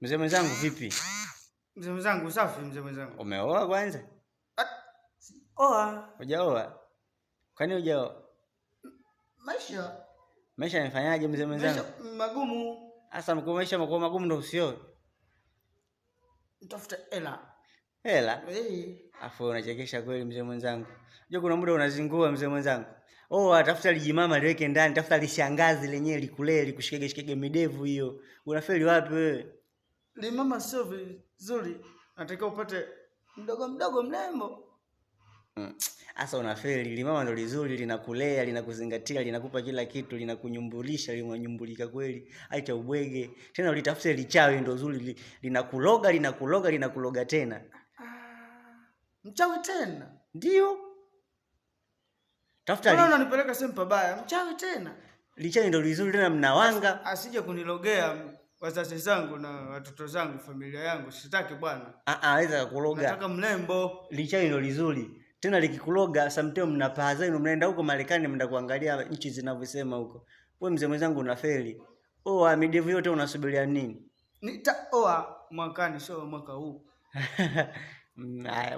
Mzee mwenzangu vipi? Mzee mwenzangu safi, mzee mwenzangu. Umeoa kwanza? Ah, Oa. Hujaoa? Kwani hujaoa? Maisha. Maisha yanifanyaje mzee mwenzangu? Maisha Magumu. mko maisha mko magumu ndio usioe. Nitafuta hela. Hela? Eh. Afu unachekesha kweli mzee mwenzangu. Unajua kuna muda unazingua mzee mwenzangu. Oh, tafuta lijimama liweke ndani, tafuta lishangazi lenyewe likulee likushikege shikege midevu hiyo. Unafeli wapi wewe? limama sio vizuri, natakiwa upate mdogo mdogo mrembo. Sasa mm. unafeli. Limama ndo lizuri, linakulea, linakuzingatia, linakupa kila kitu, linakunyumbulisha, linanyumbulika kweli, acha ubwege tena, ulitafute lichawi ndo zuri, linakuloga, linakuloga, linakuloga tena. Ah, mchawi tena? Ndio, tafuta. Mbona unanipeleka sehemu pabaya? Mchawi tena? Lichawi ndo lizuri tena, mnawanga asije kunilogea wazazi zangu na watoto zangu, familia yangu, sitaki bwana. Aweza ah, ah, kuloga, nataka mlembo. Lichai ndo lizuri tena, likikuloga samteo paa zenu, mnaenda huko Marekani, mnaenda kuangalia nchi zinavyosema huko. Wewe mzee mwenzangu unafeli oa midevu yote, unasubiria nini? Nitaoa mwakani, sio mwaka huu.